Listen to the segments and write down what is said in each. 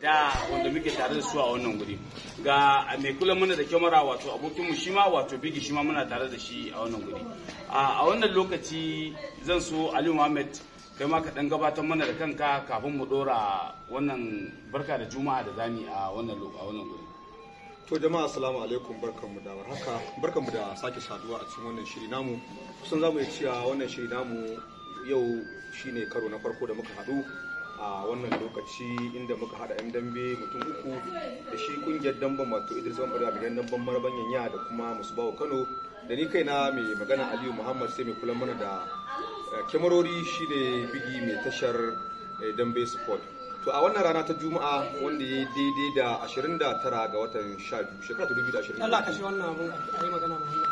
da wanda muke tare da su a wannan guri ga mai kula mana da kyamara wato abokinmu shi ma wato bigi shi ma muna tare da shi a wannan guri a wannan lokaci zan so ali muhammad kai ma ka dan gabatar mana da kanka kafin mu dora wannan barka da juma'a da zami a wannan a wannan guri to jama'a assalamu alaikum barkanmu da warhaka barkanmu da sake saduwa a cikin wannan shiri namu kusan zamu iya cewa wannan shiri namu yau shine karo na farko da muka haɗu a wannan lokaci inda muka hada yan dambe mutum uku da shi kungiyar damban wato idris bambari abidan damban marabanyan yanya da kuma musu bawa kano da ni kaina mai magana aliyu muhammad sai mai kula mana da eh, kyamarori shi ne bigi mai tashar eh, dambe sport to a wannan rana ta juma'a wanda ya daidai da 29 ga watan 12 shekara 2020 Allah ka shi wannan a yi magana muhammad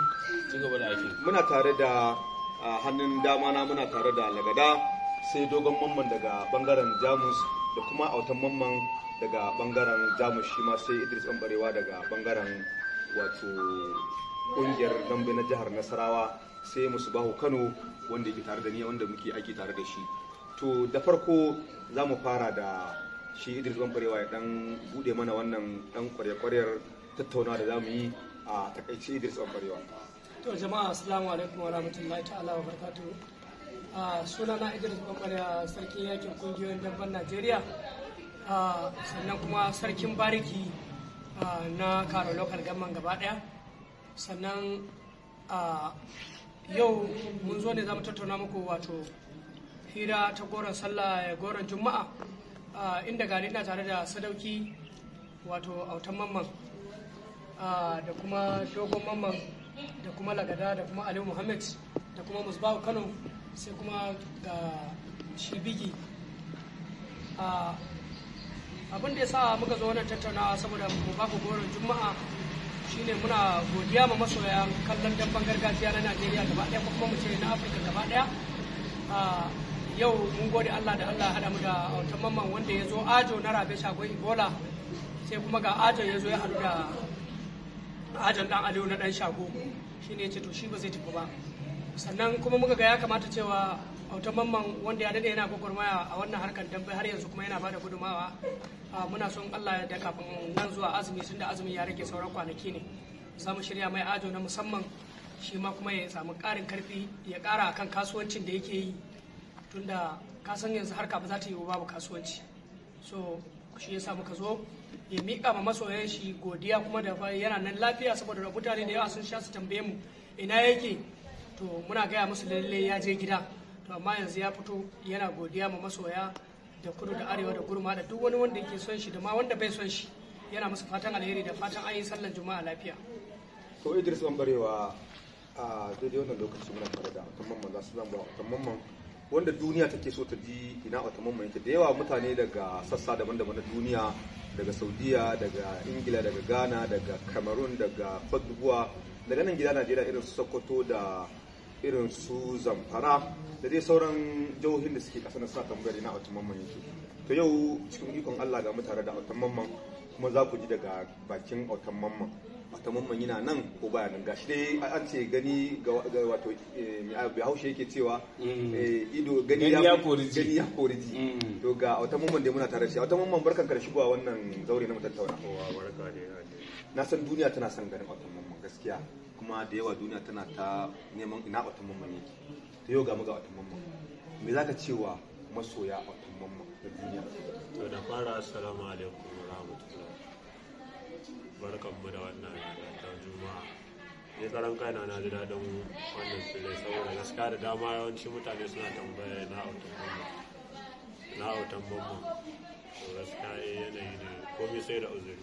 ci gaba da aiki muna tare da ah, hannun dama na muna tare da lagada sai dogon mamman daga bangaren jamus da kuma autan mamman daga bangaren jamus shi ma sai idris ɓanɓarewa daga bangaren wato ƙungiyar dambe na jihar nasarawa sai musu bahu kano wanda yake tare da ni wanda muke aiki tare da shi to da farko za mu fara da shi idris ɓanɓarewa ya dan bude mana wannan dan kwarya tattauna da za mu yi a takaice idris ɓanɓarewa to jama'a assalamu alaikum wa rahmatullahi ta'ala wa barakatuhu sunana idris bambara sarkin yakin kungiyoyin dabban najeriya sannan kuma sarkin bariki na karo local gaba daya sannan yau mun zo ne za mu tattauna muku wato hira ta goron sallah ya goron juma'a inda gani na tare da sadauki wato autan mamman da kuma dogon mamman da kuma lagada da kuma ali muhammad da kuma musbahu kano sai kuma ga shi abin da ya sa muka zo wannan tattaunawa saboda mu ba ku goron juma'a shine muna godiya ma masoya kallon dabban gargajiya na najeriya gaba daya ko kuma mu ce na afirka gaba daya yau mun gode allah da allah hada mu da autan mamman wanda ya zo ajo na rabe shagon ibola sai kuma ga ajo ya zo ya hadu da ajon dan aliyu na dan shago shine ya ce to shi ba zai tafi ba sannan kuma muka ga ya kamata cewa autan mamman wanda ya dade yana gwagwarmaya a wannan harkar dambe har yanzu kuma yana bada gudumawa ah, muna son allah da kafin nan zuwa azumi sun da azumi ya rage sauran kwanaki ne za mu shirya mai ajo na musamman shi ma kuma ya samu ƙarin karfi ya ƙara kan kasuwancin da yake yi tunda ka san yanzu harka ba za ta yi babu kasuwanci so shi samu ka zo ya miƙa ma masoyan shi godiya kuma da yana nan lafiya saboda mutane da yawa sun sha su tambaye mu ina yake to muna gaya musu lalle ya je gida to amma yanzu ya fito yana godiya ma masoya da kudu da arewa da gurma da duk wani wanda yake son shi da ma wanda bai son shi yana musu fatan alheri da fatan an yi sallan juma'a lafiya to idris barewa a daidai wannan lokaci muna fara da otamman za zasu zan ba otamman wanda duniya take so ta ji ina otamman yake da yawa mutane daga sassa daban-daban na duniya daga saudiya daga ingila daga ghana daga cameroon daga fadduwa daga nan gida najeriya irin su sokoto da irin su zamfara da dai sauran jihohin da suke kasa na sa tambayar na autan mamman yake to yau cikin ikon Allah ga mutare da autan mamman kuma za ku ji daga bakin autan mamman autan mamman yana nan ko baya nan gashi dai an ce gani ga wato mai eh, haushe yake cewa mm. eh, ido gani ya koriji gani ya koriji mm. to ga autan mamman dai muna tare shi autan mamman barkan ka da shigowa wannan zaure na mu tattauna na san duniya tana son ganin autan mamman gaskiya kuma da yawa duniya tana ta neman ina watan mamman yake ta yau ga mu ga watan mamman me ka cewa masoya watan mamman da duniya to da fara assalamu alaikum wa rahmatullahi barkanmu da wannan rana ta juma'a ne tsaron kaina na ji daɗin wannan filai saboda gaskiya da dama yawanci mutane suna tambaya na watan mamman na watan mamman to gaskiya eh, yanayi ne komai sai da uzuri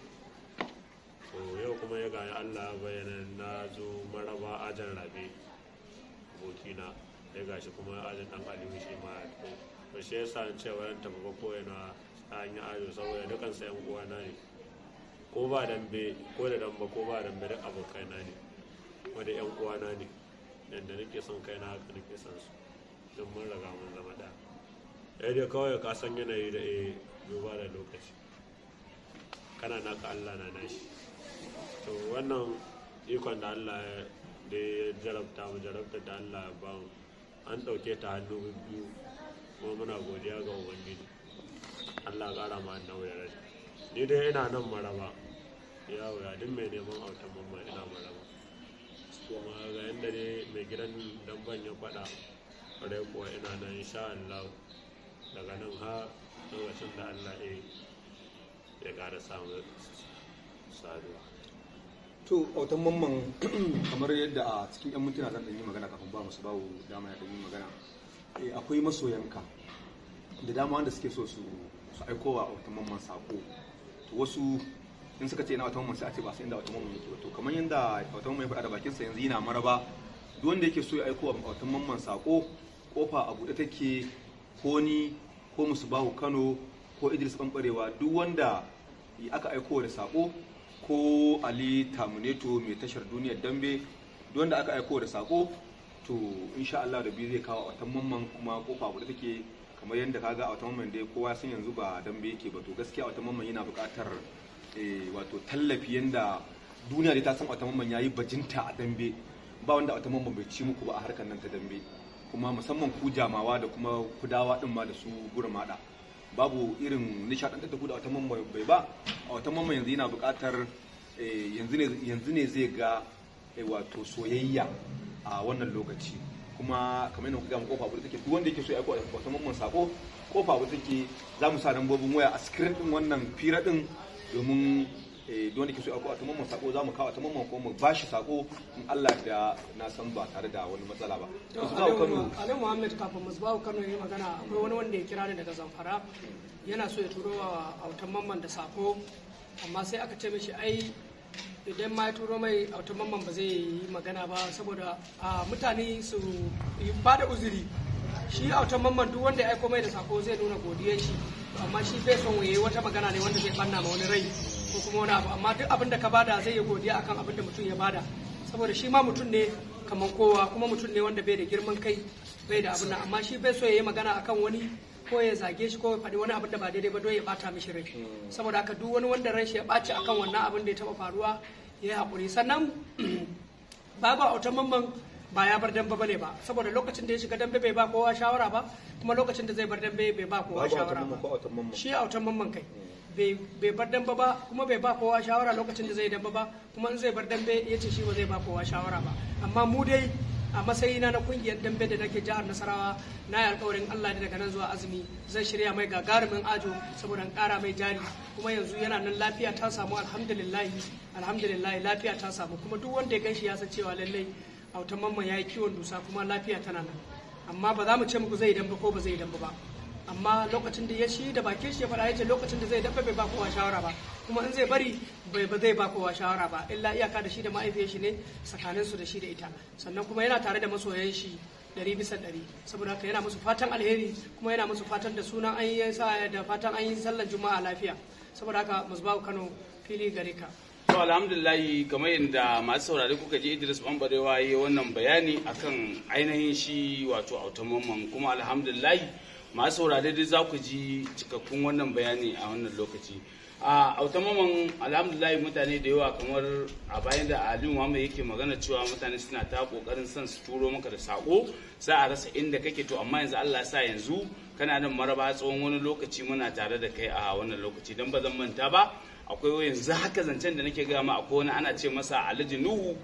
to yau kuma ya gaya allah bayanan na zo maraba ajin rabe abokina ya gashi kuma ajin dan alimu shi ma ya to ba shi yasa cewa yan tafi ba ko yana ta hanyar ajo saboda dukan sayan na ne ko ba dambe ko da damba ko ba dambe duk abokai na ne ko da yan na ne yadda nake son kai na haka nake son su don mun raga mun zama da ya dai kawai ka san yanayi da yi eh, duba da lokaci kana naka Allah na nashi to wannan ikon da allah da ya jarabta mu jarabta da allah ya ba an ɗauke ta hannu biyu kuma muna godiya ga ubangiji allah ƙara ma annabi nauyi rai ni dai ina nan maraba ya ya duk mai neman autan mamma ina maraba kuma ga yadda ne mai gidan ban ya faɗa rai kuwa ina nan insha allah daga nan ha lokacin da allah ya ƙara samu saduwa to autan mamman kamar yadda a cikin yan mintuna zan yi magana kafin ba musu bawo dama ya yi magana eh, akwai masoyanka da dama wanda suke so su aikowa autan mamman sako wasu in suka ce na autan mamman sai a ce ba sai inda autan mamman yake to kamar yadda autan mamman ya faɗa da bakinsa yanzu yana maraba duk wanda yake so ya aikowa autan mamman sako kofa a buɗe take ko ni ko musu bawo kano ko idris ɓanɓarewa duk wanda aka aiko da sako ko ali tamuneto mai tashar duniyar dambe wanda aka aiko da sako to insha Allah da biyu zai kawo a mamman kuma kofa guda take kamar yadda ka ga a mamman dai kowa sun yanzu ba dambe yake ba to gaskiya a mamman yana buƙatar eh, wato tallafi yadda duniya dai ta san a mamman yayi bajinta a dambe ba wanda a mamman bai ci muku ba a harkar nan ta dambe kuma musamman ku jamawa da kuma kudawa din ma da su gurmada babu irin nishadantar da ku da wata mamma bai ba a wata mamma yanzu yana buƙatar eh, yanzu ne zai ga eh, wato soyayya a wannan lokaci kuma kamar yadda kuka mu kofa abu take duk wanda yake so ya aiko wata mamma sako kofa abu take za mu sa nan babun waya a screen din wannan fira din domin Eh, duk wanda ke so a ta mamman sako za mu kawo a ta mamman ko mu ba shi sako in Allah da na san ba tare da wani matsala ba. Ali Muhammad kafin Musbahu Kano ya magana akwai wani wanda ya kira ni daga Zamfara yana so ya turo wa autan mamman da sako amma sai aka ce mishi ai idan ma ya turo mai autan mamman ba zai yi magana ba saboda mutane su ba da uzuri shi autan mamman duk wanda ya aiko mai da sako zai nuna godiyar shi amma shi bai son yayi wata magana ne wanda zai banna ma wani rai ko kuma wani abu amma duk abin da ka bada zai yi godiya akan abin da mutum ya bada saboda shi ma mutum ne kamar kowa kuma mutum ne wanda bai da girman kai bai da abin nan amma shi bai so ya yi magana akan wani ko ya zage shi ko ya faɗi wani abin da ba daidai ba don ya bata mishi rai saboda haka duk wani wanda ran shi ya ɓaci akan wannan abin da ya taɓa faruwa ya yi haƙuri sannan babu autan mamman ba ya bar dambe bane ba saboda lokacin da ya shiga dambe bai ba kowa shawara ba kuma lokacin da zai bar dambe bai ba kowa shawara ba shi wutan mamman kai bai bar dambe ba kuma bai ba kowa shawara lokacin da zai dambe ba kuma in zai bar dambe ya ce shi ba zai ba kowa shawara ba amma mu dai a matsayi na kungiyar dambe da nake jihar nasarawa na yi alkawarin allah da daga nan zuwa azumi zai shirya mai gagarumin ajo saboda kara mai jari kuma yanzu yana nan lafiya ta samu alhamdulillahi alhamdulillahi lafiya ta samu kuma duk wanda ya gan shi ya san cewa lallai autan mamman ya yi kiwon dusa kuma lafiya tana nan amma ba za mu ce muku zai idan ko ba zai idan ba amma lokacin da ya shi da bakin shi ya faɗa ya ce lokacin da zai dafa bai ba kowa shawara ba kuma in zai bari bai ba zai ba kowa shawara ba illa iyaka da shi da ma'aifiyar shi ne tsakanin su da shi da ita sannan kuma yana tare da masoyan shi ɗari bisa ɗari saboda haka yana musu fatan alheri kuma yana musu fatan da sunan an yi da fatan an yi sallar juma'a lafiya saboda haka bawa kano fili gare ka to alhamdulillahi kamar yadda masu saurari kuka ji idris bambarewa ya wannan bayani akan ainihin shi wato automoman kuma alhamdulillahi masu saurari zaku za ku ji cikakkun wannan bayani a wannan lokaci a automoman alhamdulillahi mutane da yawa kamar a bayan da aliyu muhammad yake magana cewa mutane suna ta kokarin son su turo maka da sako za a rasa inda kake to amma yanzu allah sa yanzu kana nan maraba tsawon wani lokaci muna tare da kai a wannan lokaci don ba zan manta ba akwai yanzu haka zancen da nake gama akwai wani ana ce masa alhaji nuhu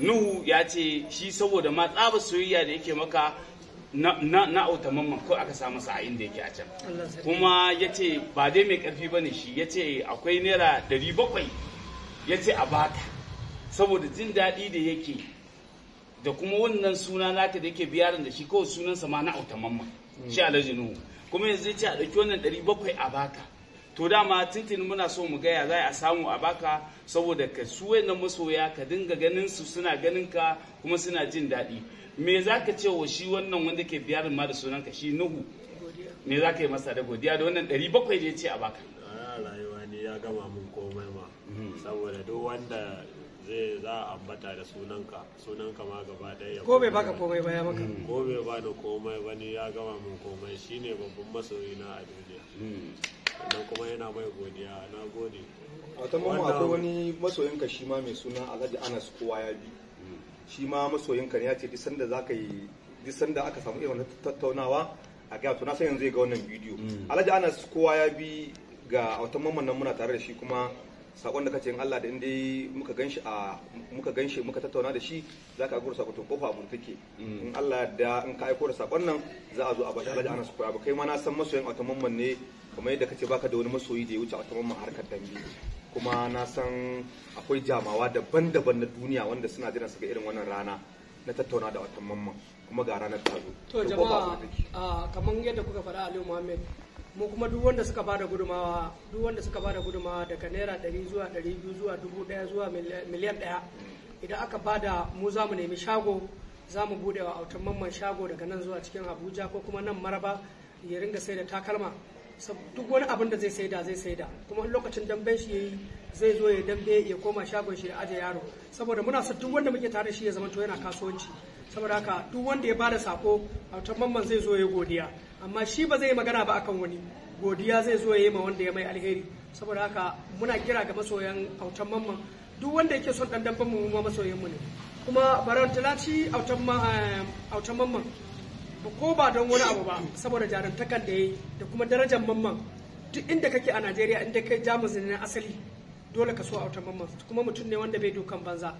nuhu ya ce shi saboda ma tsaba soyayya da yake maka na auta mamman ko aka sa masa a inda yake a can kuma ya ce ba dai mai karfi ba ne shi ya ce akwai naira dari bakwai ya ce a baka saboda jin daɗi da yake da kuma wannan suna naka da yake biyaran da shi kawai sunansa ma na auta mamman shi alhaji nuhu kuma yanzu ya ce a ɗauki wannan dari bakwai a baka to dama tintin muna so mu gaya za a samu a baka saboda ka su na masoya ka dinga ganin su suna ganin ka kuma suna jin daɗi me za ka ce wa shi wannan wanda ke biyar ma da sunan ka shi nuhu me za ka yi masa da godiya da wannan ɗari bakwai ne ya ce a baka ah, rayuwa ne ya gama mun komai ma saboda duk wanda zai za a ambata da sunanka sunanka ma gaba ɗaya ko bai baka komai ba ya maka mm. ko bai bani komai ba ne ya gama mun komai shine babban masoyi na a duniya mm. sannan kuma yana mai godiya na gode wata mamma akwai wani masoyinka shi ma mai suna alhaji anas kowa ya bi hmm. shi ma masoyinka ne ya ce disan da yi disan da aka samu irin tattaunawa a gaya to na san yanzu ya ga wannan bidiyo hmm. alhaji anas kowa ya bi ga wata mamman nan muna tare da shi kuma sakon da kace in Allah da inda muka ganshi a muka ganshi muka tattauna da shi zaka aiko sakon to kofa mun take hmm. in Allah da in ka aiko da sakon nan za a zo a bashi Alhaji Anas Kura ba kai ma na san masoyan mamman ne kamar yadda kace baka da wani masoyi da ya wuce a taron harkar dambe kuma na san akwai jamawa daban-daban na duniya wanda suna jiran su ga irin wannan rana na tattauna da watan mamman kuma ga ranar ta to jama'a kamar yadda kuka faɗa Aliyu Muhammad mu kuma duk wanda suka bada gudumawa duk wanda suka bada gudumawa daga naira 100 zuwa 200 zuwa 1000 zuwa miliyan 1 idan aka bada mu za mu nemi shago za mu bude wa autan mamman shago daga nan zuwa cikin Abuja ko kuma nan Maraba ya ringa sai da takalma duk wani abin da zai saida zai sai da kuma lokacin damben shi yayi zai zo ya dambe ya koma shagon shi ya aje yaro saboda muna sa duk wanda muke tare shi ya zama to yana kasuwanci saboda haka duk wanda ya bada sako autan mamman zai zo ya godiya amma shi ba zai magana ba akan wani godiya zai zo ya ma wanda ya mai alheri saboda haka muna kira ga masoyan autan mamman duk wanda yake son dan damben mu ma masoyan mu ne kuma baran talaci autan eh, mamman ko ba don wani abu ba saboda jarantakan da yayi da kuma darajar mamman duk inda kake a najeriya inda kai jamus ne na asali dole ka so auta mamman kuma mutum ne wanda bai dukan banza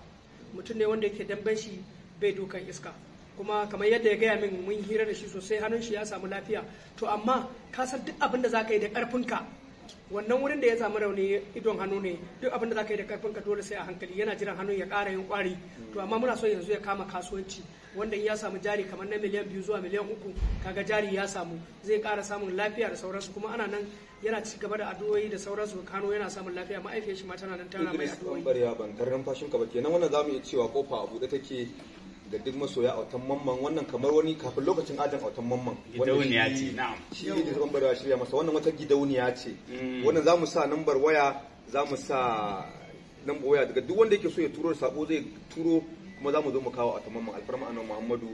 mutum ne wanda yake damben shi bai dukan iska kuma kamar yadda ya gaya min mun hira da shi sosai hannun shi ya samu lafiya to amma ka san duk abin da zaka yi da karfinka wannan wurin da ya samu rauni idon hannu ne duk abin da za ka yi da karfin ka dole sai a hankali yana jiran hannun ya ƙara yin ƙwari to amma muna so yanzu ya kama kasuwanci wanda ya samu jari kamar na miliyan biyu zuwa miliyan uku kaga jari ya samu zai kara samun lafiya da sauransu kuma ana nan yana ci gaba da addu'o'i da sauransu kano yana samun lafiya ma'aifiyar shi ma tana nan tana mai addu'o'i. ya ban karin fashin ka ba kenan wannan zamu iya cewa kofa a buɗe take ga duk masoya autan mamman wannan kamar wani kafin lokacin ajin autan mamman gidauniya ce shi ne da shirya masa wannan wata gidauniya ce mm. wannan za mu sa nambar waya za mu sa nambar waya daga duk wanda yake so ya turo sako zai turo kuma za mu zo mu kawo a tamamman alfarma annabi muhammadu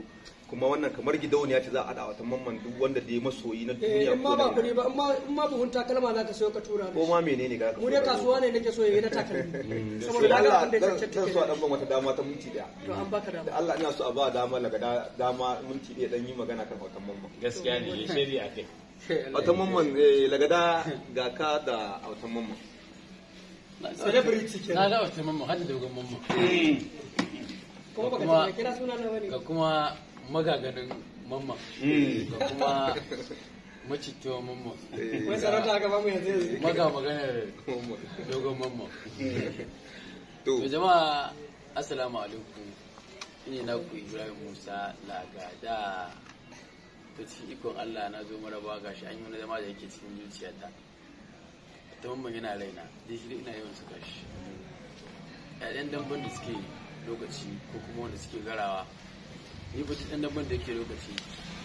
kuma wannan kamar gidauniya ce za a da a mamman duk wanda dai masoyi na duniya eh, ko ma ba kuɗi ba in ma buhun takalma za ka sayo ka tura ko ma menene ga mu dai kasuwa ne nake so yayi na takalmi mm. saboda Allah dan so a dan ban wata dama ta minti daya to an baka dama da Allah ina so a ba dama daga dama minti daya dan yi magana kan wata mamman gaskiya ne shiri a kai wata mamman eh, lagada ga ka da wata mamman celebrity kenan na ga wata mamman har dogon mamman mm. ka kuma magaganin mamma ka mm. kuma macicciwa mamma wai sarauta aka bamu yanzu yanzu maga maganar dogon mamma to jama'a assalamu alaikum ina na ku ibrahim musa lagada ta cikin ikon allah na zo mara ba gashi an yi wani zama da yake cikin zuciyata ta mamma yana raina da shi ina yawan suka shi ɗan damban da suke yi lokaci ko kuma wanda suke garawa ni ba ɗan dabban da yake lokaci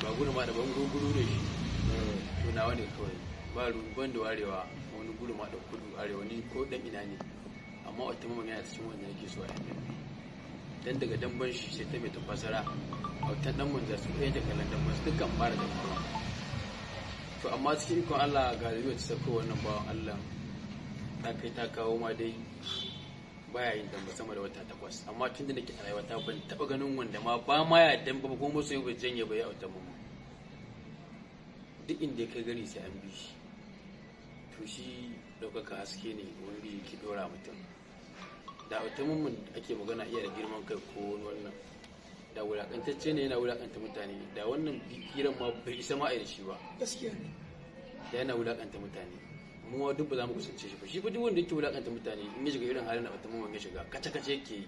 ba gudu ma da ban gunguru da shi eh, to nawa ne kawai ba ruban da warewa wani gudu ma da kudu arewa ni ko dan ina ne amma wata mamman yana cikin wanda yake so a yanzu dan daga damban shi sai ta mai tafasara a wata dan manza su ɗaya da kalan damban su dukkan fara da kuma to amma cikin ikon Allah galibi ta sako wannan bawan Allah ta kai ta kawo ma dai baya yin dambe sama da wata takwas amma tun da nake a rayuwata ban taba ganin wanda ma ba ma ya dambe ba ko musu yi janye ba ya auta mu duk inda ya kai sai an bi shi to shi ɗaukaka haske ne wanda yake ɗora mutum da auta mun ake magana iya da girman kai ko wannan da wulakantacce ne yana wulakanta mutane da wannan bikiran ma bai isa ma a yi shi ba gaskiya ne da yana wulakanta mutane mu duk ba za mu kusance shi ba shi fa duwanda yake wulakanta mutane in ya shiga irin halin da batun mun ya shiga kace kace yake yi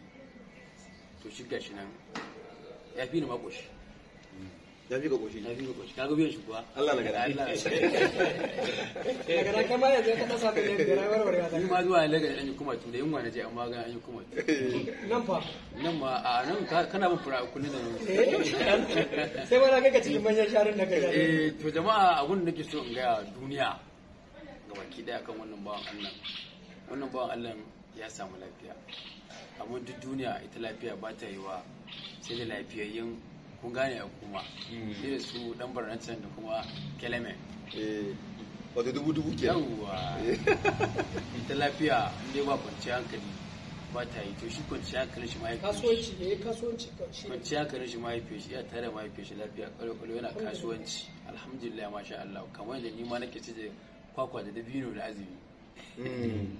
to shi gashi nan ya fi ni ma koshi ya fi ga koshi ya fi ga koshi kaga gobe shi kuwa Allah na gada Allah na gada kai kamar yanzu ka kasa da ne da warware ta ni ma zuwa ya lagar an yi kuma tun da yunwa na je amma ga an yi kuma nan fa nan ma a nan kana bin fura kullu da nan eh, sai wani kai ka cikin manyan sharin da kai eh to jama'a abun da nake so in ga duniya gabaki daya kan wannan bawan allah wannan bawan allah ya samu lafiya amma duk duniya ita lafiya ba ta yi wa sai da lafiyayyen kun gane a kuma da hmm. su dan barnancin da kuma keleme eh, wato dubu dubu ke yawwa ita lafiya ne ba kwanciyar hankali ba ta yi to shi kwanciya hankali shi mahaifiyar kasuwanci ne kasuwanci kwanciyar hankali shi mahaifiyar shi ya tare mahaifiyar shi lafiya kwalo yana kasuwanci alhamdulillah masha Allah kamar yadda ni ma nake ce da kwakwa da dabino da azumi mm.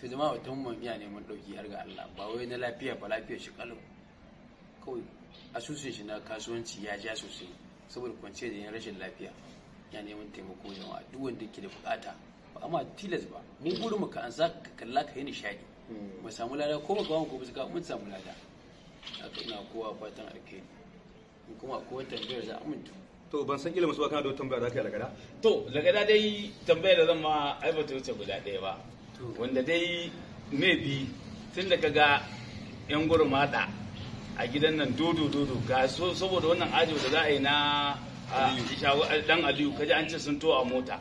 to a wata mun biya neman dauki har ga Allah ba wai na lafiya ba lafiya shi kalu kawai asusun shi na kasuwanci ya ja sosai saboda kwanciya da yin rashin lafiya ya neman taimako yawa duk wanda ke da bukata ba amma tilas ba mun gudu muka an za ka kalla ka yi nishaɗi. Mm. mu samu lada ko mu gawan gobe ka mun samu lada haka ina kowa fatan alkhairi kuma akwai tambayar za a amintu to ban san ilimin su ba kana da tambaya za ka yi lagada to lagada dai tambayar da zan ma ai ba ta wuce guda ɗaya ba wanda dai maybe tun da kaga yan mata a gidan nan dodo dodo ga so saboda wannan ajo da za a yi na dan aliyu kaji an ce sun to a mota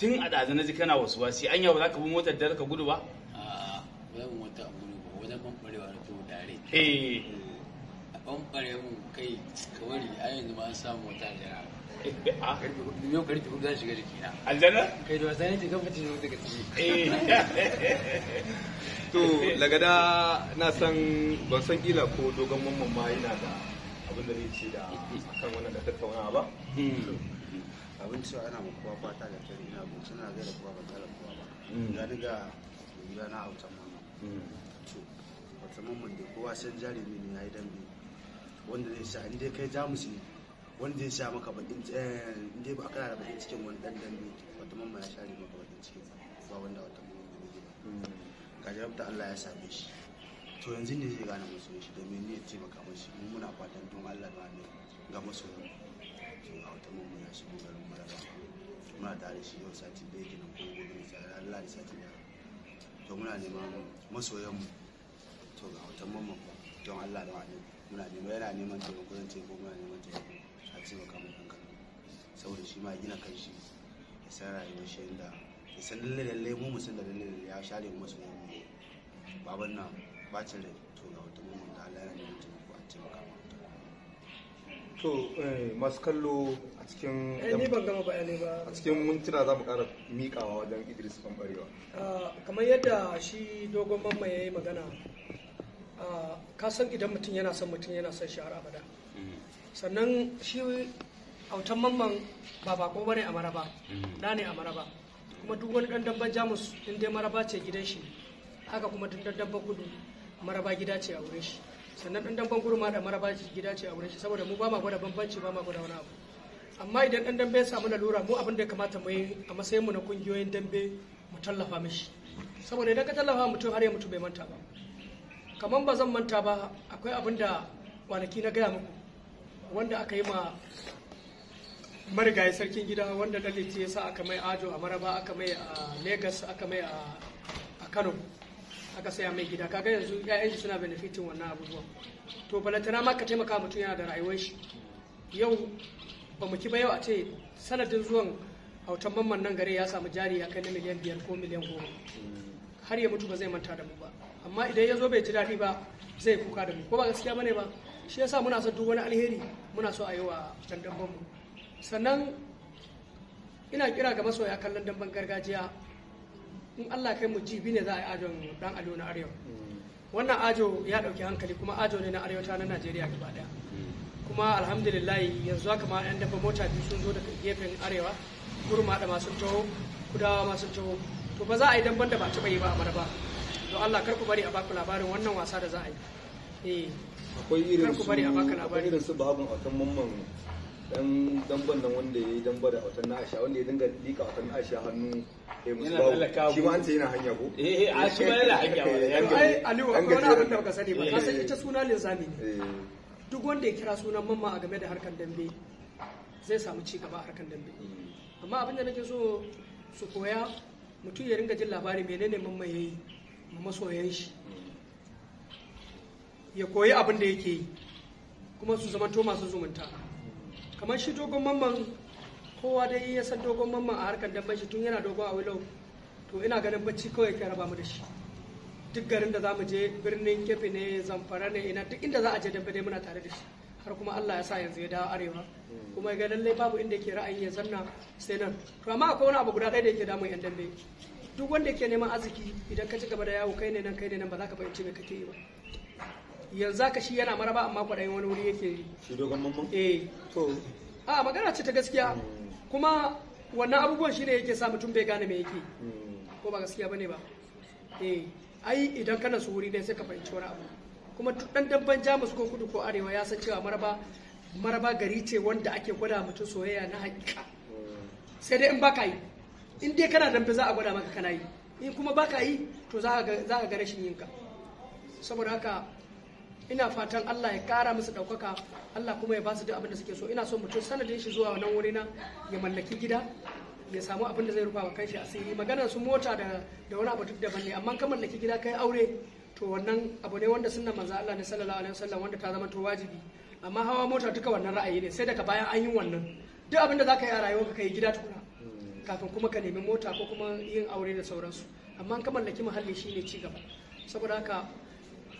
tun a ɗazu na ji kana wasu wasi an yawa za ka bi motar da ka gudu ba? a ba mu mota a gudu ba wajen ɓanɓarewa da to dare bambare mu kai kawari a yanzu ma an samu wata aljana ah. yau karfe hudu za shiga jikina aljana kai da wasanni ta kafa cikin daga ciki to lagada na san ban san kila ko dogon mamman ma yana da abin da zai ce da akan wannan da tattaunawa ba hmm. abin cewa ana ma kowa fata da tare ina bu suna ga da kowa ba tare kowa ba hmm. ya daga ya na autan mamman hmm. to wata mamman da kowa san jarumi ne ya yi dambe wanda zai sha inda kai jamus ne wanda zai sha maka bakin eh, inda ba kana da bakin cikin wani dan dambe wata mamma ya share maka bakin cikin ba wanda wata mamma ne ba hmm. ga jarabta Allah ya same shi to yanzu ne zai gane masoyin shi domin ne ya taimaka mashi mun muna fatan don Allah ba ne ga to ga wata mamma ya shigo garin maraba muna tare shi yau sati da yake nan kuma gobe sai Allah da sati da to muna neman masoyan mu to ga wata mamma don Allah da wani muna neman yana neman taimako zan ce ko muna neman taimako a taimaka mai ɗan kallo saboda shi ma gina kan shi ya san rayuwar shi inda ya san lalle lalle mu san da lalle lalle ya share mu masu yamma baban nan bacin da to ga wata mun da Allah yana neman taimako a taimaka mai to eh, masu kallo a cikin eh, a cikin mintuna za mu kara mikawa wajen idris bambarewa ah, kamar yadda shi dogon mamaye ya yi magana Ah, ka san idan mutum yana son mutum yana son shi har abada mm-hmm. sannan shi autan mamman ba bako bane a maraba mm-hmm. da ne a maraba kuma duk wani dan jamus in dai maraba ce gidan shi haka kuma duk dan dabban gudu maraba gida ce a wurin shi sannan dan dabban gudu ma da maraba gida ce a wurin shi saboda mu ba ma gwada bambanci ba ma gwada wani abu amma idan dan dambe ya samu lura mu abin da ya kamata mu yi a matsayin mu na kungiyoyin dambe mu tallafa mishi saboda idan ka tallafa mutum har ya mutu bai manta ba kamar ba zan manta ba akwai abin da kwanaki na gaya muku wanda aka yi ma marigayi sarkin gida wanda dalilci ya sa aka mai ajo a maraba aka mai a lagos aka mai a kano aka saya mai gida kaga yanzu ya'yan shi suna benefitin wannan abubuwa to balantana ma ka taimaka mutum yana da rayuwar shi yau ba mu ki ba yau a ce sanadin zuwan hautan mamman nan gare ya samu jari ya kai na miliyan biyar ko miliyan goma har ya mutu ba zai manta da mu ba amma idan ya zo bai ji daɗi ba zai kuka da mu ko ba gaskiya bane ba shi yasa muna son duk wani alheri muna so a yi wa dandamban mu sannan ina kira ga masoya kallon damban gargajiya in Allah kai mu bi ne za a yi ajo dan Aliyu na Arewa wannan ajo ya dauki hankali kuma ajo ne na arewata na Najeriya gaba daya kuma alhamdulillah yanzu haka ma yan dafa mota biyu sun zo daga gefen arewa gurma da masu taho kudawa masu taho to ba za a yi damban da ba taɓa yi ba a maraba don Allah kar ku bari a baku labarin wannan wasa da za a yi eh, akwai irin su akwai irin su babun akan mamman dan damban nan wanda ya yi damba da wata Aisha wanda ya dinga dika wata Aisha hannu eh musu babu shi ma an ce yana hanya ko eh eh a shi ma yana hanya eh, ai Aliyu ko wani abin da baka sani ba ka san eh. ita suna linzami ne duk wanda ya kira sunan mamma a game da harkar dambe zai samu ci gaba a harkar dambe hmm. amma abin da nake so su koya mutum ya ringa jin labari menene mamma yayi masoyan shi ya koyi abin da yake yi kuma su zamanto masu zumunta kamar shi dogon mamman kowa dai ya san dogon mamman a harkar damban shi tun yana dogon a wilau to ina ganin bacci kawai ka raba mu da shi duk garin da za mu je birnin kefe ne zamfara ne ina duk inda za a je dambe dai muna tare da shi har kuma Allah ya sa yanzu ya dawo arewa kuma ga lallai babu inda yake ra'ayi ya zanna sai nan to amma akwai wani abu guda ɗaya da yake damun yan dambe duk wanda yake neman arziki idan ka ci gaba da yawo kai ne nan kai ne nan ba za ka fahimci me kake yi ba yanzu ka shi yana maraba amma kwaɗayin wani wuri yake yi shi dogon mamman eh to a magana ce ta gaskiya hmm. kuma wannan abubuwan shine yake sa mutum bai gane me yake hmm. ko ba gaskiya bane ba eh ai idan kana su wuri ne sai ka fahimci wani abu kuma duk dan dabban jamus ko kudu ko arewa ya san cewa maraba maraba gari ce wanda ake gwada mutum soyayya na haƙiƙa hmm. sai dai in baka yi in dai kana dambe za a gwada maka kana yi in kuma ba ka yi to za ka ga rashin yinka saboda haka ina fatan Allah ya kara musu ɗaukaka Allah kuma ya ba su duk abin da suke so ina so mutum sanadin shi zuwa nan wuri na ya mallaki gida ya samu abin da zai rufa wa kanshi asiri magana su mota da da wani abu duk daban ne amma ka mallaki gida kai aure to wannan abu ne wanda sunna manzo Allah ne sallallahu alaihi wasallam wanda ta zama to wajibi amma hawa mota duka wannan ra'ayi ne sai daga bayan an yi wannan duk abin da zaka yi a rayuwarka kai gida tukuna kafin kuma ka nemi mota ko kuma yin aure da sauransu amma ka mallaki muhalli shine ci gaba saboda haka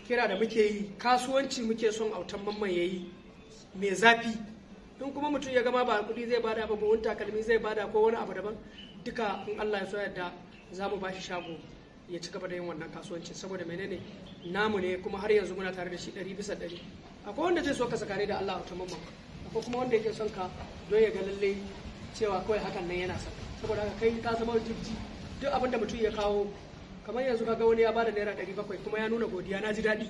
kira da muke yi kasuwanci muke son autan mamman yayi mai zafi in kuma mutum ya gama ba kuɗi zai bada ba buhun takalmi zai bada ko wani abu daban duka in Allah ya so da za mu bashi shago ya ci gaba da yin wannan kasuwanci saboda menene namu ne kuma har yanzu muna tare da shi ɗari bisa ɗari akwai wanda zai so ka sakare da Allah autan mamman akwai kuma wanda yake son ka don ya ga lallai cewa kawai hakan nan yana saka saboda haka kai ka zama jibji duk abin da mutum ya kawo kamar yanzu kaga wani ya bada naira 700 kuma ya nuna godiya na ji daɗi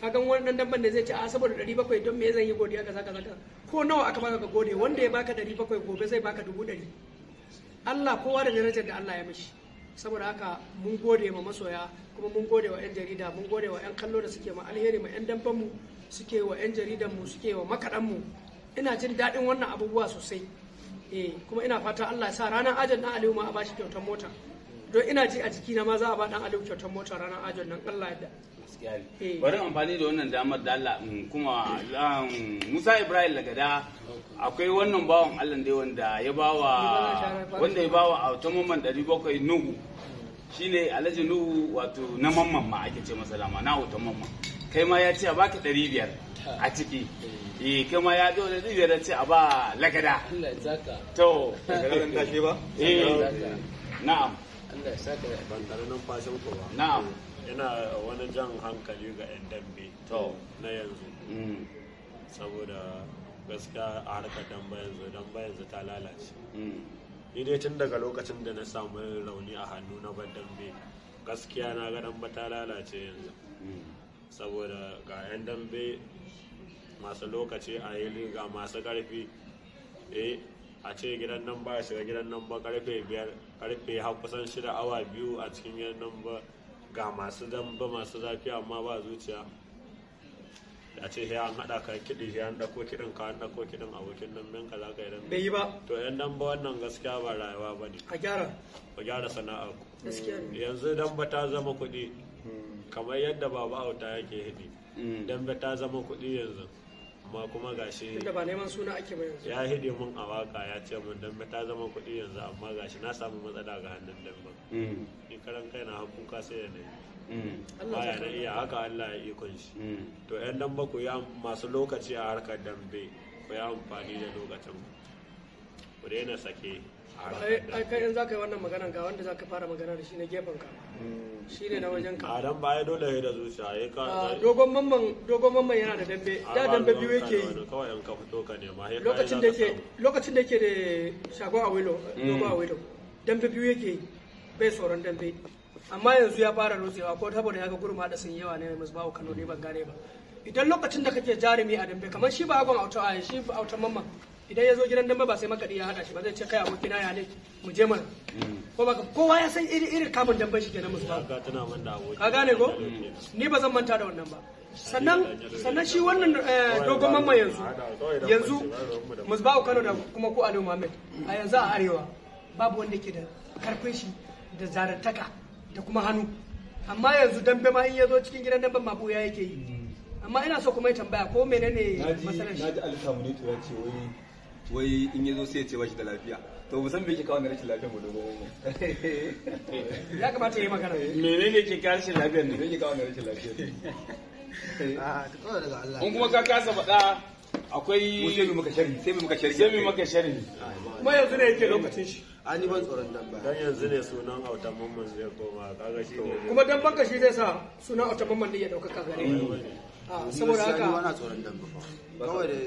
kaga wani dan damban da zai ce a saboda 700 bakwai don me zan yi godiya kaza kaza kaza ko nawa aka baka ka gode wanda ya baka dari bakwai gobe zai baka dubu dari. Allah kowa da darajar da Allah ya mishi saboda haka mun gode ma masoya kuma mun gode wa 'yan jarida mun gode wa 'yan kallo da suke ma alheri ma 'yan danbanmu mu suke wa 'yan jaridan mu suke wa makadan mu ina jin daɗin wannan abubuwa sosai eh kuma ina fata Allah ya sa ranar ajin dan Aliyu ma a bashi kyautar mota don ina ji a jikina ma za a ba dan Aliyu kyautar mota ranar ajin nan Allah ya yarda eh. bari amfani da wannan damar da Allah mm, kuma um, Musa Ibrahim Lagada akwai wannan bawan Allah da wanda ya bawa wanda ya bawa autan mamman 700 Nuhu shine Alhaji Nuhu wato na mamman ma ake ce masa lama na autan mamman kai ma ya ce a baka ɗari biyar a ciki eh, eh kai ma ya zo da biyar ya ce a ba lagada to ba eh na'am Allah ya saka ban karanan fashin ko ba na'am ina wani jan hankali ga yan dambe to na yanzu mm. saboda gaskiya a harkar damba yanzu damba yanzu ta lalace mm. ni dai tun daga lokacin da na samu rauni a hannu na ban dambe gaskiya na ga damba ta lalace yanzu mm. saboda ga 'yan dambe masu lokaci a yi ga masu ƙarfi eh, a ce gidan nan ba shiga gidan nan ba karfe biyar karfe har kusan shida awa biyu a cikin gidan nan ba ga masu damba masu zafi amma ba zuciya a ce ya an haɗa ka kiɗi ya an ɗauko kiɗin ka an ɗauko kiɗin abokin nan ka ka zaka idan Bai yi ba. To yan ba wannan gaskiya ba rayuwa ba ne. A gyara. A gyara sana'a Gaskiya ne. Yanzu damba ta zama kuɗi. kamar yadda babu auta yake hidi mm. dambe ta zama kuɗi yanzu amma kuma gashi tunda ba neman suna ake ba yanzu ya hidi mun a waka ya ce mun dambe ta zama kuɗi yanzu amma gashi na samu matsala ga hannun dambe mm. in karan kai na ka sai da nayi mm. baya na iya haka Allah ya ikon shi to yan dambe ku ya masu lokaci a harkar dambe ku ya amfani da lokacin ku ku daina sake ai kai in zaka yi wannan maganan ga wanda zaka fara magana da shi na gefen ka shi ne na wajen ka a dan baya dole ya da zuciya ya ka ah, dogon mamman dogon mamman yana da dambe da dambe biyu yake yi kawai in ka fito ka nema lokacin da yake lokacin da yake da shago a wilo mm. dogon a wilo dambe biyu yake yi bai tsoron dambe amma yanzu ya fara rutsewa ko saboda ya ga gurma da sun yawa ne musu bawo kano ne ban gane ba idan lokacin da kake jarumi a dambe kamar shi ba agon auto a shi auto mamman idan ya zo gidan dambe ba sai makaɗi ya haɗa shi ba zai ce kai abokin na ya ne mu je mana hmm. ko ba kowa ya san iri iri kamun dambe shi kenan musu ka gane ko hmm. ni ba zan manta da wannan ba sannan sannan shi wannan eh, dogon mamma yanzu yanzu musbahu kano da kuma ko ali muhammad a yanzu a arewa babu wanda ke da karfin shi da zarantaka da kuma hannu amma yanzu dambe ma in ya zo cikin gidan dambe mabu ya yake yi hmm. amma ina so kuma ya tambaya ko menene masarar shi naji alkamu ne to ya ce wai wai in ya zo sai ya ce bashi da lafiya to musan bai ke kawo na rashin lafiya mu dogo ya kamata yi magana ne ke kawo rashin lafiya ne me ke kawo na rashin lafiya ah, Mun kuma ka kasa faɗa akwai sai mu maka sharhi sai mu maka sharhi sai mu maka sharhi kuma yanzu ne yake lokacin shi an ah, ni ban tsoron dan dan yanzu ne sunan autan mamman zai koma kaga shi ne kuma dan banka shi zai sa sunan autan mamman ne ya dauka gare eh, ah, saboda haka ba na tsoron dan ba kawai da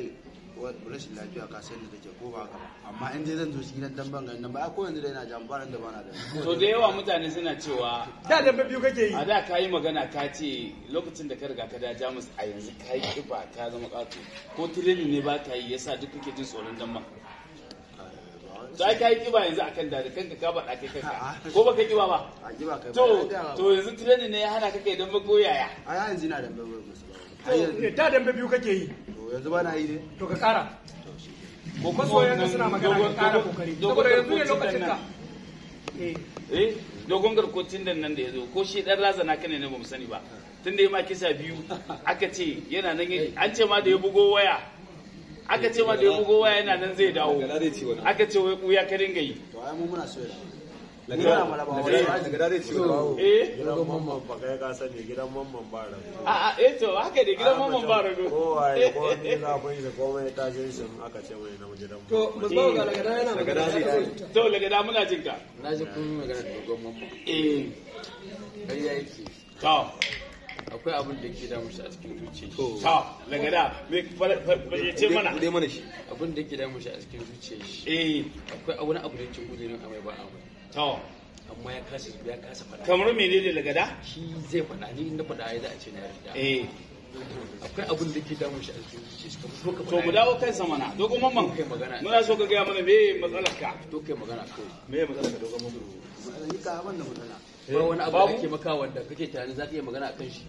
rashin lafiya ka san da take ko ba ka amma in dai zan zo shi nan dan ban ganin ba ko yanzu dai ina jam baran da bana da to da yawa mutane suna cewa da da biyu kake yi a da kai magana ka ce lokacin da ka riga ka da jamus a yanzu kai kiba ka zama katu ko training ne ba ka yi yasa duk kake jin tsoron dan ma to ai kai kiba yanzu akan da da kanka ka bada kai kanka ko baka kiba ba a kiba kai to to yanzu training ne ya hana ka kai dan ba ko yaya a yanzu ina dan ba ba ta dambe biyu kake yi yanzu ba na yi ne to ko suna magana ne lokacin da eh. eh, nan da ya ko shi dan razana kane ne bamu sani ba tun da ya ma kisa biyu aka ce yana nan an ce ma da ya bugo waya aka ce ma da ya bugo waya yana nan zai dawo aka ce wai kuya ka dinga yi to ai mu muna so lagara lagara dai ciwo eh gidan mamman ba kai ka sani gidan mamman ba rago a a eh to haka da gidan mamman ba rago ko waye ko ne za ku yi komai ta je shi aka ce mai namiji dan to musbawo ga lagara yana lagara zai to lagara muna jin na ji kun magana da gogon mamman eh kai yake to akwai abin da ke damu shi a cikin zuciya shi ta lagada me ce mana dai mana shi abin da ke damu shi a cikin zuciya shi eh akwai wani abu da yake gudunin amai ba amai ta amma ya kasa ya kasa fada kamar menene lagada shi zai fada ni inda fada ya za a ce na yarda eh akwai abin da ke damu shi a cikin zuciya shi kamar so to guda kan kai samana to kuma man kai magana muna so ka ga mana me matsalar ka to kai magana to me matsalar ka to ga mun ni ka abin da matsala Eh, ba wani abu da ake maka wanda kake tunanin za ka iya magana a kan shi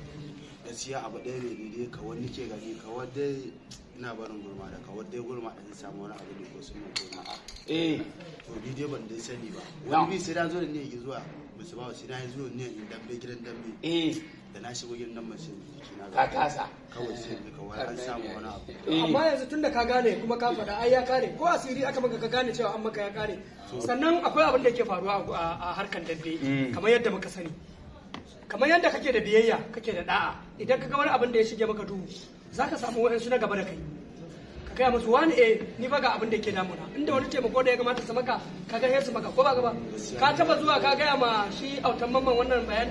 siya abu ɗaya ne ne dai kawai nake gani kawai dai ina barin gurma da kawai dai gurma in samu wani abu ne ko sun gurma a eh to ni dai ban dai sani ba wani bi sai da zo ne ya zuwa musu ba sai na zo ne in dambe gidan dambe eh da na shigo gidan nan mace jikina ka kasa kawai sai ni kawai an samu wani abu eh. amma yanzu tunda ka gane kuma ka faɗa ai ya kare ko asiri aka maka ka gane cewa an maka ya kare sannan akwai abin da yake faruwa a harkan dabbe mm. kamar yadda muka sani kamar yadda kake da biyayya kake da da'a idan ka ga wani abin da ya shige maka duhu zaka samu wa'ansu na gaba da kai ka gaya musu wani eh ni ba ga abin da yake damuna inda wani taimako da ya kamata su maka ka ga su maka ko ba gaba ka taba zuwa ka gaya ma shi autan mamman wannan bayan.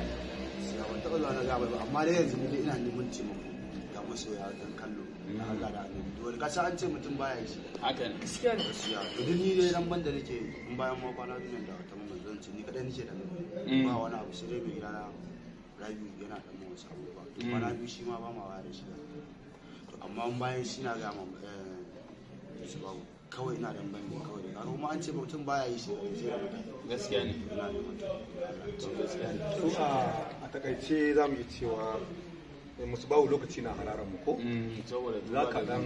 taɓa zuwa na gaba ba amma dai yanzu dai ina neman taimako ga masoya don kallo na Allah da annabi dole ka san an ce mutum baya shi haka ne gaskiya ne gaskiya to duk ni dai dan banda nake in bayan kwana da wata mun zan ni kadai nake da mm. ba wani abu sai dai na rabi yana da mu wasu abubuwa to kwana mm. biyu shi ma ba ma da shi amma bayan shi na ga mu eh su kawai ina da bane kawai da kuma an ce mutum baya yi shi da gaskiya ne ina da mutum gaskiya ne a takaice za mu yi cewa eh, musu bawo lokaci na hararan mu ko mm, za ka dan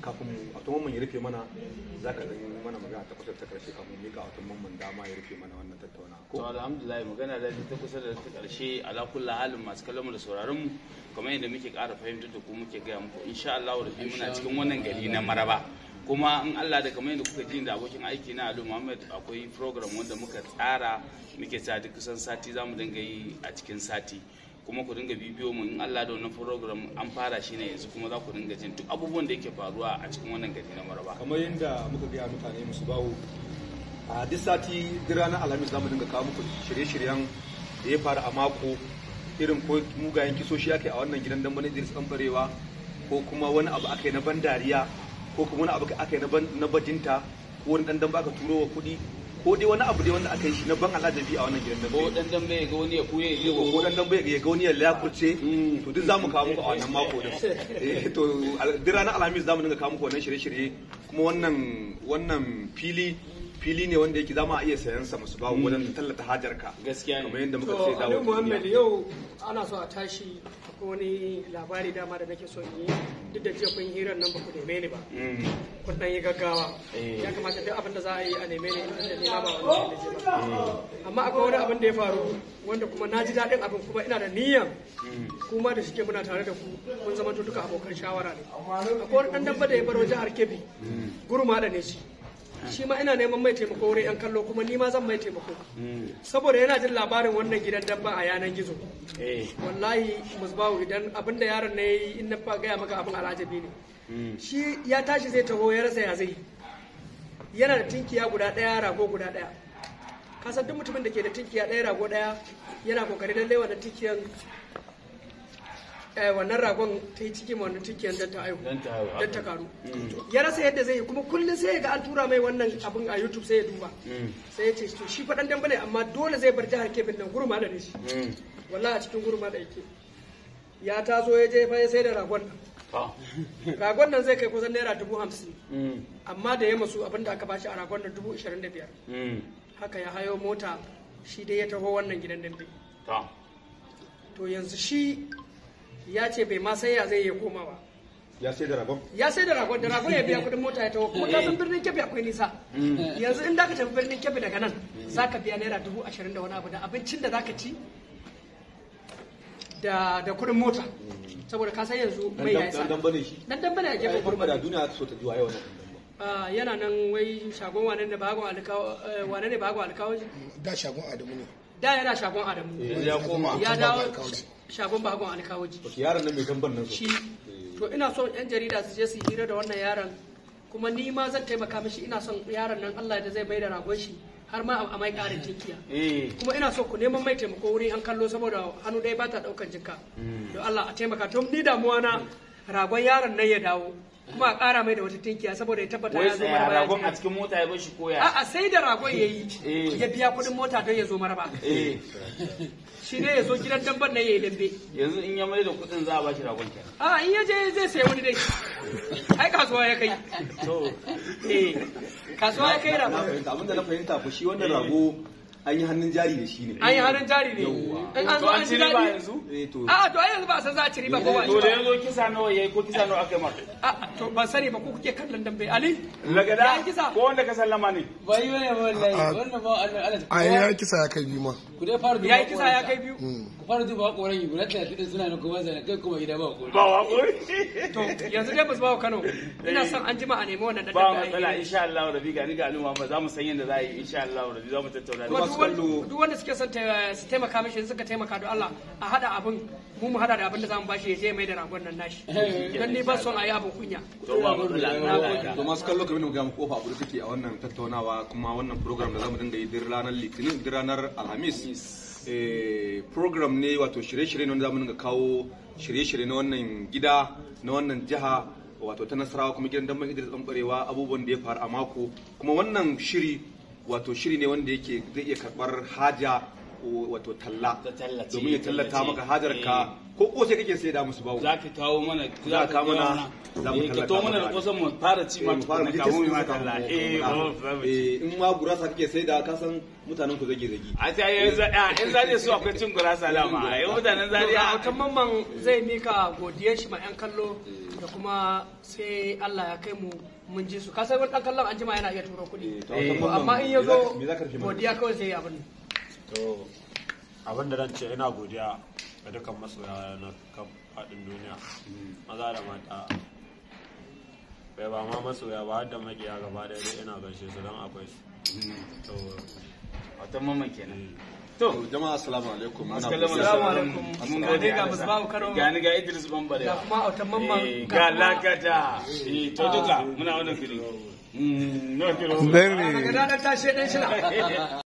kafin a tumamman ya rufe mana za ka dan mana magana ta kusa ta karshe kafin mika a tumamman dama ya rufe mana wannan tattauna ko to alhamdulillah magana da ta kusa da ta karshe ala kullu halin masu kallon mu da sauraron mu kamar yadda muke ƙara fahimtar da ku muke gaya muku insha Allah da muna cikin wannan gari na Maraba kuma in Allah da kamar yadda kuka ji da abokin aiki na Alu Muhammad akwai program wanda muka tsara muke sa duk kusan sati za mu dinga yi a cikin sati kuma ku dinga bibiyo mu in Allah da wannan program an fara shi ne yanzu kuma za ku dinga jin duk abubuwan da yake faruwa a cikin wannan gari na Maraba kamar yadda muka ga mutane musu bawo a duk sati duk ranar Alhamis za mu dinga kawo muku shirye-shiryen da ya fara a mako irin ko mugayen kisoshi ake a wannan gidan dan bane Idris Kambarewa ko kuma wani abu aka yi na ban dariya ko kuma wani abu aka yi na bajinta ko wani dandan ba ka turo wa kuɗi ko dai wani abu dai wanda aka yi shi na ban aladabi a wannan gidan dambe ko dandan bai ga wani ya kuye ya ko dandan bai ga wani ya lakurce mm. to duk zamu kawo muku a wannan mako din eh to duk ranar alhamis zamu dinga kawo muku wannan shirye-shirye kuma wannan wannan fili fili ne wanda yake zama a iya sayan sa musu babu hmm. wajen tallata hajar ka gaskiya ne kamar yadda muka ce dawo to Muhammad yau ana so a tashi akwai wani labari dama da nake so in yi duk da jiya kun hirar nan ba ku neme ni ba hmm. kun dan yi gaggawa eh. ya kamata duk abin da za a yi a neme ni inda ne ba wani da oh! amma akwai wani abin da ya faru wanda kuma na ji daɗin abin kuma ina da niyyar hmm. kuma da shike muna tare da ku kun zama duka abokan shawara ne akwai wani ɗan dabba da ya baro jihar Kebbi gurma da ne shi shi ma ina neman mai taimako wurin yan kallo kuma ni ma zan mai taimako hmm. saboda yana jin labarin wannan gidan dabba a yanar gizo eh. wallahi musbahu idan abin da yaron na yi in na gaya maka abin alajabi ne hmm. shi ya tashi zai taho ya rasa ya zai yana da tinkiya guda daya rago guda daya kasan duk mutumin da ke da tinkiya daya rago daya yana kokari lallai wannan tinkiyan Eh, wannan ragon ta yi cikin wannan cikin don ta haihu don ta karu mm. ya rasa yadda zai yi kuma kullum sai ya ga an tura mai wannan abin a youtube sai ya duba mm. sai ya ce to shi faɗan dan bane amma dole zai bar jihar kebin nan gurma da shi mm. wallahi a cikin gurma da yake ya taso ya je fa sai da ragon nan ragon nan zai kai kusan naira dubu hamsin amma da ya masu abin da aka bashi a ragon nan dubu ashirin da biyar haka ya hayo mota shi dai ya taho wannan gidan dambe to yanzu shi ya ce bai ma sai ya zai ya koma ba ya sai da ragon ya sai da ragon da ragon ya biya kudin mota ya tawo kuma ta san birnin kebbi akwai nisa mm. yanzu in da ka tafi birnin kebbi daga nan za ka biya naira dubu ashirin da wani abu da abincin da za ka ci da da kudin mota mm. saboda ka san yanzu mai ya isa dan bane shi dan dan bane a da duniya so ta juwa yau nan yana nan wai shagon wane ne ba ga alkawo eh, wane ne ba ga alkawo da shagon adamu ne da yana shagon adamu eh, ya dawo shagon bagon alkawaji yaron nan mai gamban nan shi to ina so yan jarida su je su hira da wannan yaron kuma ni ma zan taimaka mishi ina son yaron nan Allah da zai bai da ragon shi har ma a mai karin jinkiya eh. kuma ina so ku neman mai taimako wuri an kallo saboda hannu ɗaya ba ta ɗaukan jinka hmm. don Allah a taimaka to ni damuwa na ragon yaron nan ya dawo kuma a ƙara mai da wata tinkiya saboda ya tabbata ya zo maraba ragon a cikin mota ya bashi koya a'a sai da ragon ya yi eh. ya biya kudin mota don ya zo maraba eh. shi ne ya zo gidan damban nan ya yi dambe yanzu in ya mai da kudin za a bashi ragon kenan a'a in ya je zai sayi wani dai ai kasuwa ya kai to eh kasuwa ya kai ragon da na fahimta ku shi wannan an yi hannun jari da shi ne an yi hannun jari ne in an zo an ci daɗi yanzu eh, a to ai yanzu ba san za a ci b'a ko ba to da yanzu kisa nawa yayi ko kisa nawa aka mar a to ban sani ba ko kuke kallon dambe ali lagada ko wanda ka sallama ne bai bane wallahi wannan ba Allah Allah ya kisa ya kai biyu ma ku dai fara ya kisa ya kai biyu hmm. ku fara duba koran yi guda 30 suna nan kuma kai kuma gida ba koran ba wa to yanzu dai ba su ba Kano ina son an jima a nemi wannan da ba matsala insha Allah rabi ga ni ga al'umma ba za mu san yadda za a yi insha Allah rabi za mu tattauna duk wanda suke son su taimaka mishi suka taimaka da Allah a hada abin mu mu hada da abin da zamu bashi ya je mai da ragon nan nashi eh, eh, eh, don ni ba son a yi abin kunya to masu kallo kamar mu ga mu kofa abu take a wannan tattaunawa kuma wannan program da zamu dinga yi din ranar litinin din ranar alhamis program ne wato shirye-shirye ne wanda zamu dinga kawo shirye-shirye na wannan gida na wannan jiha wato ta nasarawa kuma gidan damar idris ɓanɓarewa abubuwan da ya faru a mako kuma wannan shiri wato shiri ne wanda yake zai iya karɓar haja wato talla domin ya tallata maka hajar ka eh. ko sai kake sai da musu bawo za ka kawo mana za kawo mana za mu eh, tallata ka mana da san mu fara ci ma eh, fara mu kawo mu talla eh oh, oh, oh. in ma gurasa kake sai da ka san mutanen ku zage zage a sai yanzu in zare su akwai cin gurasa lama ai mutanen zare a kan mamman zai mika godiyar shi ma yan kallo da kuma sai Allah ya kai mu mun ji su ka wani dan kallon an jima yana iya turo kuɗi eh, amma in ya zo godiya kawai sai abin to abin da ce ina godiya ga dukkan masoya na kan faɗin duniya maza da mata bai ba ma masoya ba har da makiya gaba da ina gaishe su don akwai su hmm. to a mamman kenan eh. To jama'a assalamu alaikum. Assalamu alaikum. Mun gode ga musbahu karo. Ga ga Idris Bambare. Ga kuma autan mamman. Eh, ga lakata. Eh. eh to duka muna wannan fili. Ah. Mm, no kilo. Very. Ga dan tashe dan shila.